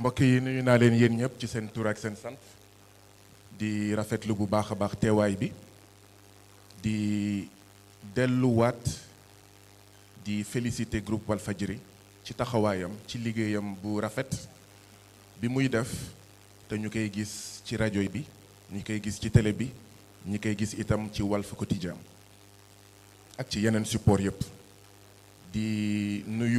mbokk yi nuyu naa leen yéen ñëpp ci seen tur ak seen sant di rafetlu bu baax a baax teewaay bi di delluwaat di féliciter groupe Walfadjri ci taxawaayam ci liggéeyam bu rafet bi muy def te ñu koy gis ci rajo bi ñu koy gis ci télé bi ñu koy gis itam ci Walf Quotidien ak ci yeneen support yëpp di nuyu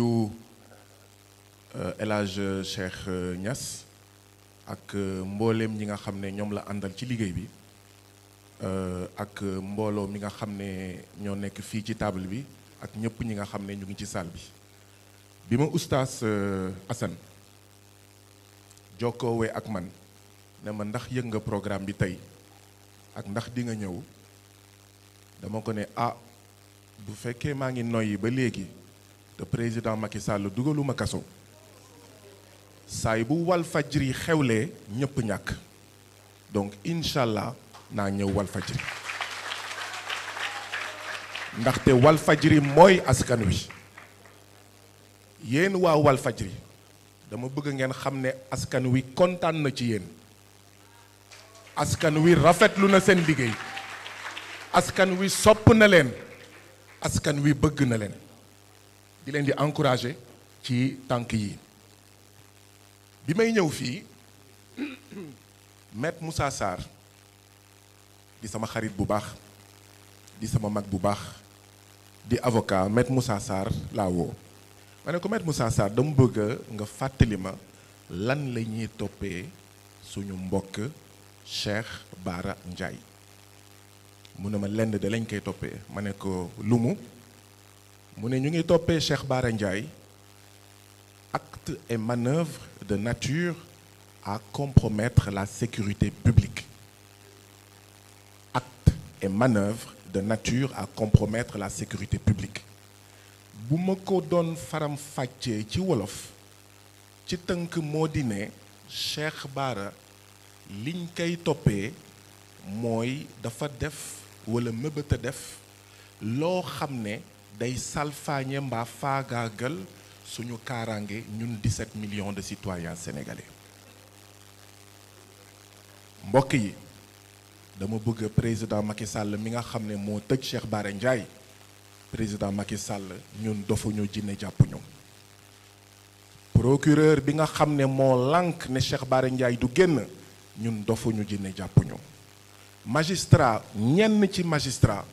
El Hadj euh, Cheikh euh, Niass ak euh, mbooleem ñi nga xam ne ñoom la àndal ci liggéey bi ak mbooloo mi nga xam ne ñoo nekk fii ci table bi ak ñëpp ñi nga xam ne ñu ngi ci salle bi bi ma ustaas Assane jokkoowee ak man ne ma ndax yëg nga programme bi tey ak ndax di nga ñëw dama ko ne ah bu fekkee maa ngi noyyi ba léegi te président Macky Sall dugaluma kaso saay bu wal fajri xewlee ñëpp ñàkk donc incha allah naa ñëw wal fajri ndaxte wal fajri mooy askan wi yéen waa walfaj fajri dama bëgg ngeen xam ne askan wi kontaan na ci yéen askan wi rafetlu na seen liggéey askan wi sopp na leen askan wi bëgg na leen di leen di encourager ci tànk yi bi may ñëw fii maître Moussa Sarr di sama xarit bu baax di sama mag bu baax di avocat maître Moussa Sarr laa woo ma ne ko maître Moussa Sarr dama bëgg nga fàttali ma lan la ñuy toppee suñu mbokk Cheikh Bara njaay mu ne ma lenn de lañ koy toppee ma ne ko lu mu mu ne ñu ngi toppee Cheikh Bara Ndiaye actes et manœuvres de nature à compromettre la sécurité publique. Actes et de nature à compromettre la sécurité publique. bu ma ko doon faram ci wolof ci tënk moo di ne Cheikh Bara liñ koy toppee mooy dafa def wala mëbët def loo xam ne day salfaañe mbaa faagaagal suñu kaaraange ñun set millions de citoyens sénégalais mbokk yi dama bëgg président Macky Sall mi nga xam ne moo tëj Cheikh Bara Ndiaye président Macky Sall ñun dofuñu jinne jàppuñu procureur bi nga xam ne moo lànk ne Cheikh Bara Ndiaye du génn ñun dofuñu jinne jàppuñu magistrat ñenn ci magistrat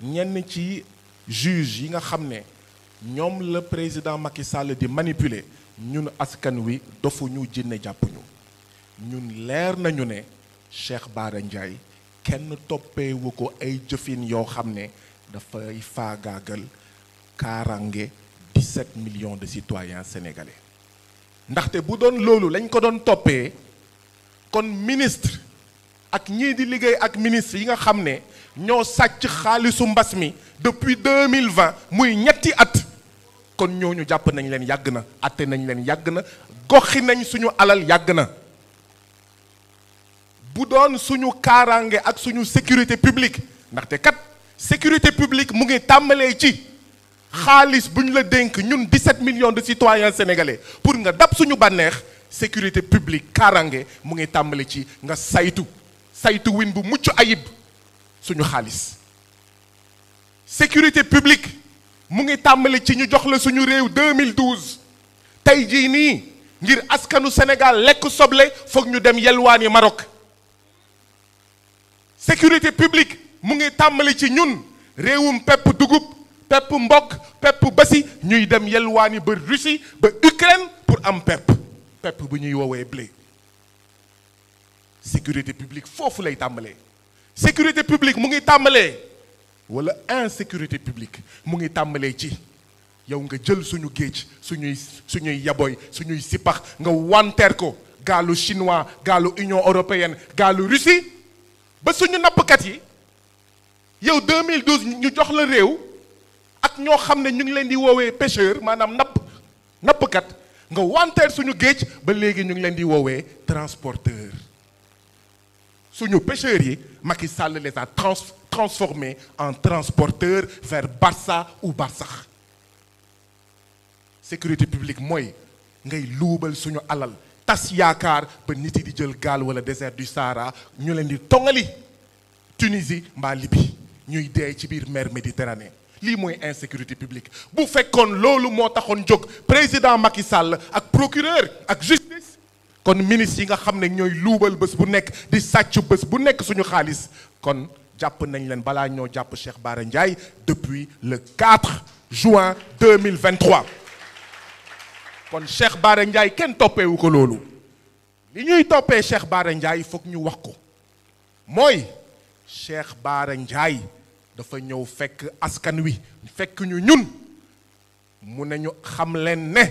ñenn ci juge yi nga xam ne ñoom la président Macky Sall di manipuler ñun askan wi dofuñu jinne jàppuñu ñun leer nañu ne Cheikh Bara Ndiaye kenn toppewu ko ay jëfin yoo xam ne dafay faagaagal kaarange 17 millions de citoyens sénégalais ndaxte bu doon loolu lañ ko doon toppee kon ministre ak ñii di liggéey ak ministre yi nga xam ne ñoo sàcc xaalisu mbas mi depuis 2020 muy ñetti at kon ñu jàpp nañ leen yàgg na atte nañ leen yàgg na goxi nañ suñu alal yàgg na bu doon suñu kaaraange ak suñu sécurité publique ndaxte kat sécurité publique mu ngi tàmbalee ci xaalis bu ñu la dénk ñun 17 million de citoyens sénégalais pour nga dab suñu bànneex sécurité publique kaaraange mu ngi tàmbale ci nga saytu saytu win bu mucc ayib suñu xaalis sécurité publique mu ngi tàmbali ci ñu jox la suñu réew mille 2012 tey jii nii ngir askanu Sénégal lekk soble foog ñu dem yelwaani Maroc sécurité publique mu ngi tàmbali ci ñun réewum pepp dugub pepp mbokk pepp basi ñuy dem yelwaani ba Russie ba Ukraine pour am pepp pepp bu ñuy woowee blé sécurité publique foofu lay tàmbalee sécurité publique mu ngi tàmbalee wala insécurité publique mu ngi tàmbalee ci yow nga jël suñu géej suñuy suñuy yaboy suñuy sippax nga wanteer ko gaalu chinois gaalu union européenne gaalu russie ba suñu nappkat yi yow 2012 ñu jox la réew ak ñoo xam ne ñu ngi leen di woowee pêcheur maanaam napp nappkat nga wanteer suñu géej ba léegi ñu ngi leen di woowee transporteur suñu pécheur yi Macky Sall les a trans transformer en transporteur vers Barça ou Barsax sécurité publique mooy ngay luubal suñu alal tas yaakaar ba nit yi di jël gaal wala désert du Sahara ñu leen di tongali Tunisie mbaa Libye ñuy dee ci biir mer Méditerranée lii mooy insécurité publique bu fekkoon loolu moo taxoon jóg président Macky Sall ak procureur ak justice kon ministre yi nga xam ne ñooy luubal bés bu nekk di sàcc bés bu nekk suñu xaalis kon jàpp nañ leen balaa ñoo jàpp Cheikh Bara Ndiaye depuis le 4 juin 2023 kon Cheikh Bara Ndiaye kenn toppewu ko loolu li ñuy toppee Cheikh Bara Ndiaye foog ñu wax ko mooy Cheikh Bara Ndiaye dafa ñëw fekk askan wi fekk ñu ñun mu ne ñu xam leen ne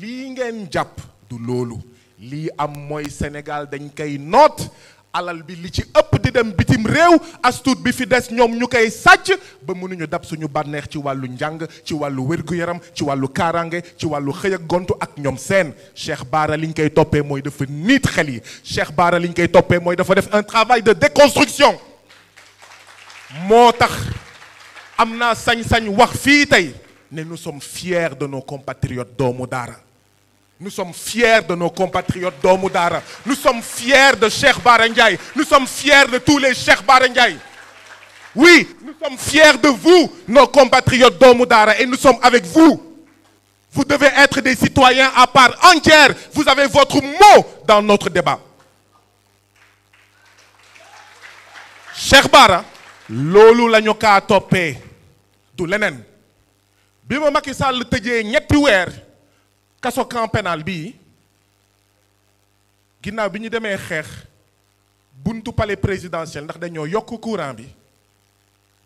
lii ngeen jàpp du loolu lii am mooy Sénégal dañ koy noot alal bi li ci ëpp di dem bitim réew astuut bi fi des ñoom ñu koy sàcc ba mënuñu dab suñu bànneex ci wàllu njàng ci wàllu wér yaram ci wàllu kaaraange ci wàllu xëy ak ak ñoom seen Cheikh Bara li koy toppee mooy dafa niit xel yi Cheikh Bara li koy toppee mooy dafa def un travail de déconstruction moo tax am na sañ-sañ wax fii tey ne nu sommes fiers de nos doomu daara Nous sommes fiers de nos compatriotes doomu daara nous sommes fiers de Cheikh Bara Ndiaye nous sommes fiers de tous les Cheikh Bara Ndiaye oui nous sommes fiers de vous nos compatriotes doomu daara et nous sommes avec vous vous devez être des citoyens à part entière vous avez votre mot dans notre débat Cheikh Bara loolu la ñu kaa du leneen bi ma Macky Sall tëjee ñetti weer kaso camp pénal bii ginnaaw bi ñu demee xeex buntu palais présidentiel ndax dañoo yokk courant bi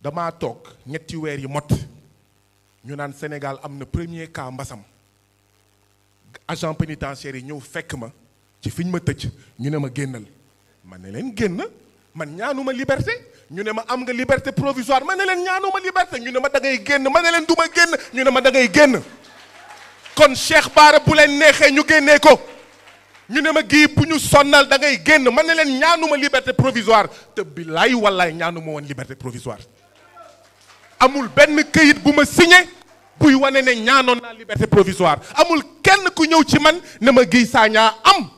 damaa toog ñetti weer yi mot ñu naan Sénégal am na premier cas mbasam agent pénitentiaire yi ñëw fekk ma ci fi ñu ma tëj ñu ne ma génnal ma ne leen génn ma man ñaanuma liberté ñu ne ma am nga liberté provisoire ma ne leen ñaanuma liberté ñu ne ma da ngay génn ma ne leen du génn ñu ne ma da ngay génn kon Cheikh Bara bu leen neexee ñu génnee ko ñu ne ma gii bu ñu sonnal da ngay génn man ne leen ñaanuma liberté provisoire te billaay wallaay ñaanuma woon liberté provisoire amul benn këyit bu ma signé buy wane ne ñaanoon naa liberté provisoire amul kenn ku ñëw ci man ne ma gii saa ñaa am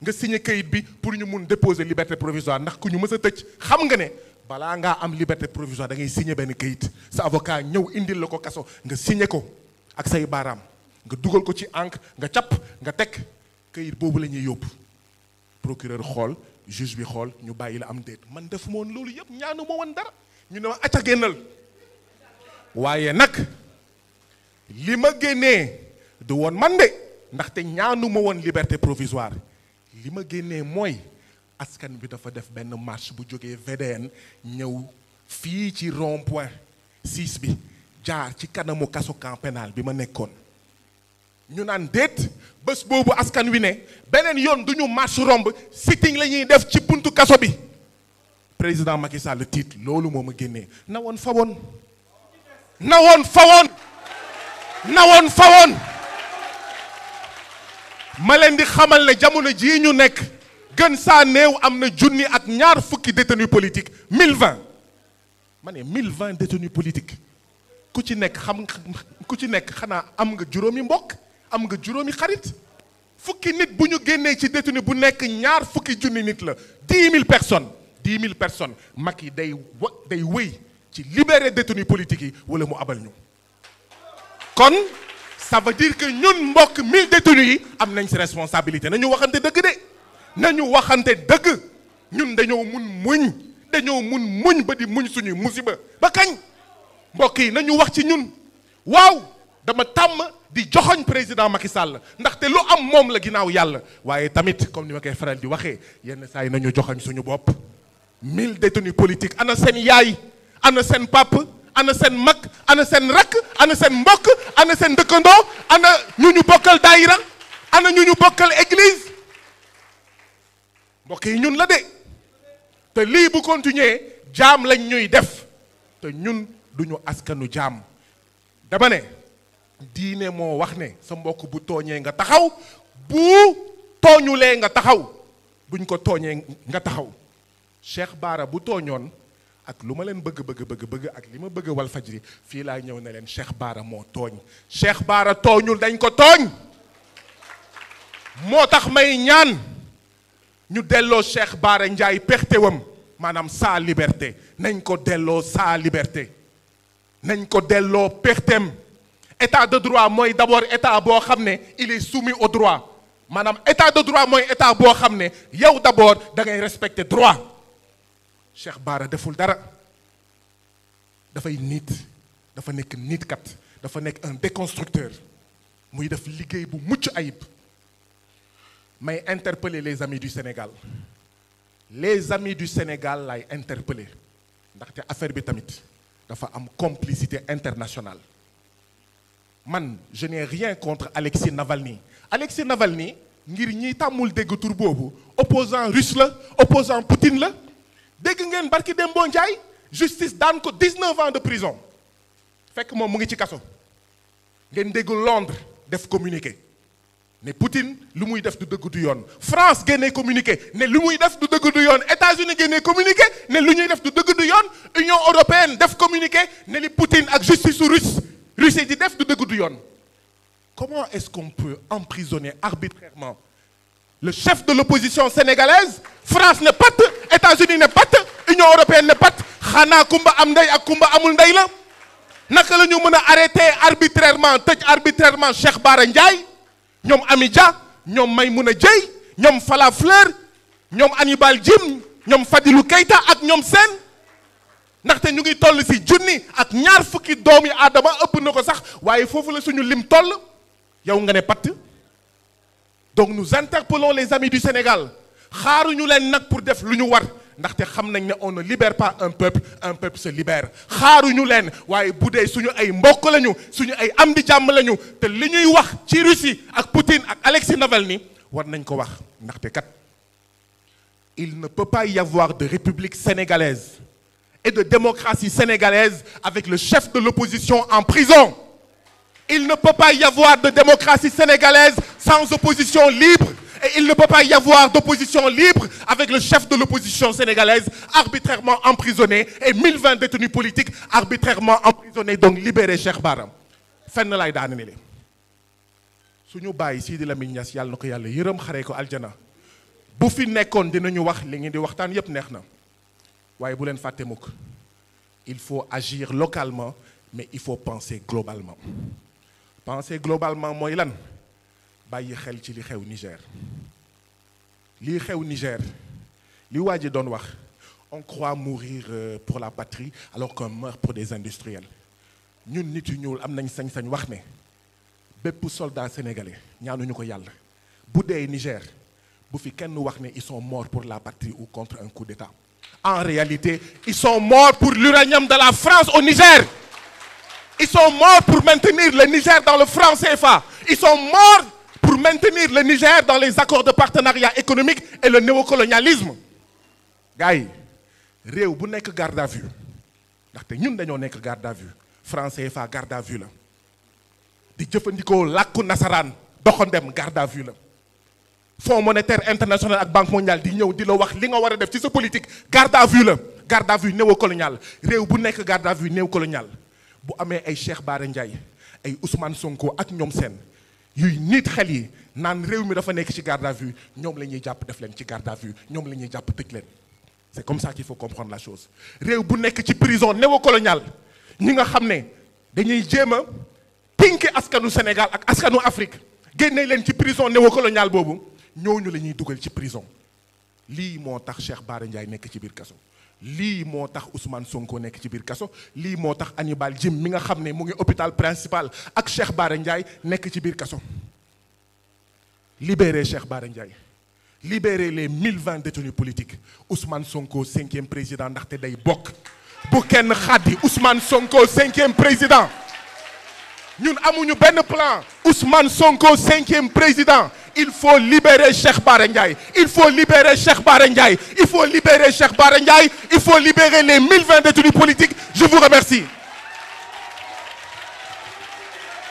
nga signé këyit bi pour ñu mun déposer liberté provisoire ndax ku ñu mës a tëj xam nga ne balaa ngaa am liberté provisoire da ngay signé benn këyit sa avocat ñëw indil la ko kaso nga signé ko ak say baaraam nga dugal ko ci encre nga capp nga teg kayit boobu la ñuy yóbbu procureur xool juge bi xool ñu bàyyi la am déet man defuma woon loolu yëpp ñaanu ma woon dara ñu ne ma acca génnal waaye nag li ma génnee du woon man de ndaxte ñaanuma ma woon liberté provisoire li ma génnee mooy askan bi dafa def benn marche bu jóge VDN ñëw fii ci rond point bi jaar ci kanamu kaso camp bi ma nekkoon ñu naan déet bés boobu askan wi ne beneen yoon duñu ñu marche romb sitting la ñuy def ci buntu kaso bi président Macky tiit loolu moom a génnee na woon fa woon na woon fa woon ma leen di xamal ne jamono jii ñu nekk gën saa néew am na junni ak ñaar fukki détenu politique mille vingt ma ne mille vingt détenu politique ku ci nekk xam ku ci nekk xanaa am nga juróomi mbokk am nga juróomi xarit fukki nit bu ñu génnee ci détenu bu nekk ñaar fukki junni nit la dix mille personnes dix mille personnes Macky day wa day wéy ci libérer détenu politique yi wala mu abal ñu kon ça veut dire que ñun mbokk mi détenus yi am nañ si responsabilité nañu waxante dëgg de nañu waxante dëgg ñun dañoo mun muñ dañoo mun muñ ba di muñ suñuy musiba ba kañ mbokk yi nañu wax ci ñun waaw dama tàmm di joxoñ président Macky Sall ndaxte lu am moom la ginnaaw yàlla waaye tamit comme ni ma koy faral di waxee yenn saa yi nañu joxoñ suñu bopp mille détenus politiques ana seen yaay ana seen pàpp ana seen mag ana seen rakk ana seen mbokk ana seen dëkkandoo ana ñu ñu bokkal daayira ana ñu ñu bokkal église mbokk yi ñun la de te lii bu continuer jaam lañ ñuy def te ñun du duñu askanu jaam dama ne diine moo wax ne sa mbokk bu tooñee nga taxaw bu tooñulee nga taxaw buñ ko tooñee nga taxaw Cheikh Baara bu tooñoon ak lu ma leen bëgg bëgg bëgg bëgg ak li ma bëgg wal fajri fii laa ñëw ne leen Cheikh Baara moo tooñ Cheikh Baara tooñul dañ ko tooñ moo tax may ñaan ñu delloo Cheikh Baara Ndiaye pextewam maanaam saa liberté nañ ko delloo saa liberté nañ ko delloo pextem état de droit mooy d'abord état boo xam ne il est soumis au droit maanaam état de droit mooy état boo xam ne yow d'abord da ngay respecter droit Cheikh Bara deful dara dafay niit dafa nekk nit kat dafa nekk un déconstructeur muy def liggéey bu mucc ayib may interpeller les amis du Sénégal les amis du Sénégal lay interpeller ndaxte affaire bi tamit dafa am complicité internationale man je n'ai rien contre Alexei Navalny Alexei Navalny ngir ñiy tàmmul dégg tour boobu opposant russe la opposant Poutine la dégg ngeen barki Dembo Ndiaye justice daan ko 19 ans de prison fekk moom mu ngi ci kaso ngeen dégg Londres def communiqué ne Poutine lu muy def du dëgg du yoon France génnee communiqué ne lu muy def du dëgg du yoon États-Unis génnee communiqué ne lu ñuy def du dëgg du yoon Union européenne def communiqué ne li Poutine ak justice russe rusé di def du dëgg du yoon comment est-ce qu'on peut emprisonner arbitrairement le chef de l'opposition sénégalaise France ne pat États-Unis ne pat Union européenne ne pat xanaa kumba am ndey ak kumba amul ndey la naka la ñu mën a arrêté arbitrairement tëj arbitrairement Cheikh Bara Ndiaye ñoom Ami Dia ñoom Maimouna Dieye ñoom Fala Fleur ñoom Hannibal Djim ñoom Fadilou Keïta ak ñoom Sène ndaxte ñu ngi toll si junni ak ñaar fukki doom yi aadama ëpp na ko sax waaye foofu la suñu lim toll yow nga ne patt donc nous interpellons les amis du Sénégal xaaruñu leen nag pour def lu ñu war ndaxte xam nañ ne on ne libère pas un peuple un peuple se libère xaaruñu leen waaye bu suñu ay mbokk lañu suñu ay am di jàmm lañu te li ñuy wax ci Russie ak Poutine ak Alexei ni war nañ ko wax ndaxte kat il ne peut pas y avoir de république sénégalaise et de démocratie sénégalaise avec le chef de l'opposition en prison. Il ne peut pas y avoir de démocratie sénégalaise sans opposition libre. Et il ne peut pas y avoir d'opposition libre avec le chef de l'opposition sénégalaise arbitrairement emprisonné et 1020 détenus politiques arbitrairement emprisonnés, donc libérés, Cheikh Bara. fenn laay daanele suñu bàyyi Sidi Lamine Niass yàlla na ko yàlla yërëm xaree ko aljana bu fi nekkoon dinañu wax li ngeen di waxtaan yépp neex na waaye bu leen fàttee mukk il faut agir localement mais il faut penser globalement penser globalement mooy lan bàyyi xel ci li xew Niger li xew Niger li waa ji doon wax on croit mourir euh, pour la patrie alors qu'on meurt pour des industriels ñun nit yu ñuul am nañ sañ-sañ wax ne bépp soldat sénégalais ñaanuñu ko yàlla bu dee Niger bu fi kenn wax ne ils sont morts pour la patrie ou contre un coup d'État En réalité, ils sont morts pour l'uranium de la France au Niger. Ils sont morts pour maintenir le Niger dans le franc CFA. Ils sont morts pour maintenir le Niger dans les accords de partenariat économique et le néocolonialisme. gars yi réew bu nekk garde à vue ndaxte ñun dañoo nekk garde à vue franc CFA garde à vue la di jëfandikoo làkku nasaraan doxandem garde à vue la. fonds monétaire international ak banque mondiale di ñëw di la wax li nga war a def ci sa politique garde à vue la garde à vue néocolonial réew bu nekk garde à vue néocolonial bu amee ay Cheikh Bara Ndiaye ay Ousmane Sonko ak ñoom seen yuy nit xel yi naan réew mi dafa nekk ci garde à vue ñoom la ñuy jàpp def leen ci garde à vue ñoom la ñuy jàpp tëj leen c'est comme ça qu'il faut comprendre la chose réew bu nekk ci prison néocolonial ñi nga xam ne dañuy jéem a pinke askanu Sénégal ak askanu Afrique génne leen ci prison néocolonial boobu ñooñu la ñuy dugal ci prison lii moo tax Cheikh Bara Ndiaye nekk ci biir kaso lii moo tax Ousmane Sonko nekk ci biir kaso lii moo tax Hannibal Djim mi nga xam ne mu ngi hôpital principal ak Cheikh Bara Ndiaye nekk ci biir kaso libérez Cheikh Bara Ndiaye libérez les mille vingt détenus politiques Ousmane Sonko cinquième président ndaxte day bokk bu kenn xaddi Ousmane Sonko cinquième président ñun amuñu benn plan Ousmane Sonko cinquième président il faut libérer Cheikh Bara Ndiaye il faut libérer Cheikh Bara Ndiaye il faut libérer Cheikh Bara Ndiaye il faut libérer les 1020 détenus politiques je vous remercie